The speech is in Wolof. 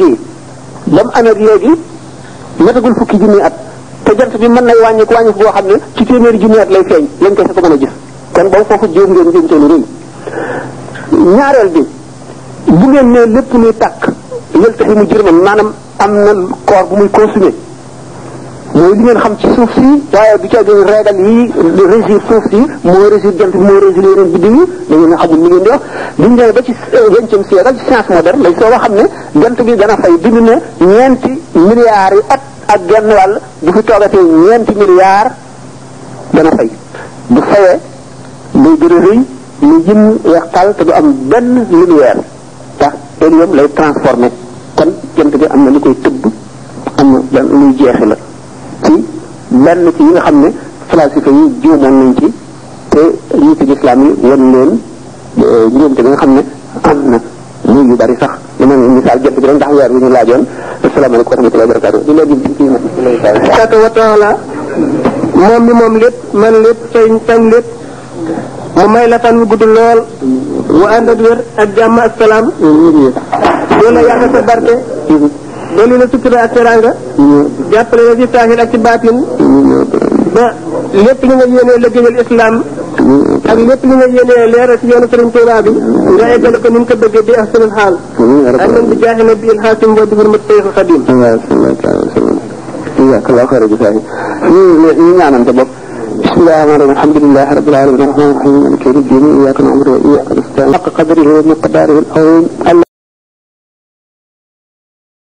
léegi lam amee léegi matagul fukki junni at te jant bi mën nay wàññi ko wàññi boo xam ne ci téeméeri junni at lay feeñ lañ koy sa ko mën a gis kon boobu foofu jéem ngeen jéem seen réy ñaareel bi bu ngeen ne lépp luy tàkk yël taxi mu jërman maanaam am na koor bu muy consumé mooy li ngeen xam ci suuf si waaye du ca gën régal yi régir suuf si moo régir jant bi moo régir yeneen biddiw yi da ngeen xamul ni ngeen di wax biñu demee ba ci vingtième eh, siècle science moderne lañ soo xam ne jant bi dana fay bind na ñeenti milliards yi ak genn wàll bu fi toogatee ñeenti milliards dana fay bu fayee muy gën a rëy muy weex tal te du am benn lumière ndax hélium lay transformé kon gent bi am na lu koy tëbb am na luy jeexi la lenn ci yi nga xam ne falasifa yi juumoon nañ ci te njiiti lislaam yi wan leen euh, njuumte bi xam ne am na muy yu bari sax li ma misaal jant bi rek ndax weer wi ñu laajoon asalaamaaleykum wa rahmatullahi wa barakaatu di leen di kii wa taala la fan wu gudd lool wa ànd ak wér ak jàmm ak salaam. loolu la yàlla barke. loolu a sutura a teranga jàppale la ci taahir ak ci ba lépp li nga yéenee a islam ak lépp li nga yéenee leeral ci yoonu Sëriñ Tuubaa bi nga eggal ko ni mu a bëggee bi ahsanul xaal ak man na bi il xaatim wa bi hurmat Seexul Xadim jazakallahu xayran jazaak ñu ñaanante bopp bismillahi rahmaani rahiim alhamdulillahi rabbil aalamiin arrahmaani rahiim maaliki yawmi ddiin iyyaka na'budu wa iyyaka nasta'iin haqqa qadrihi wa miqdaarihi al